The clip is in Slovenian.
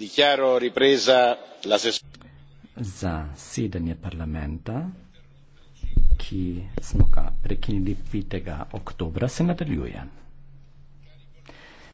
dichiaro ripresa la sessione zasedanje parlamenta ki smo ga prekinili petega oktobra se nadaljuje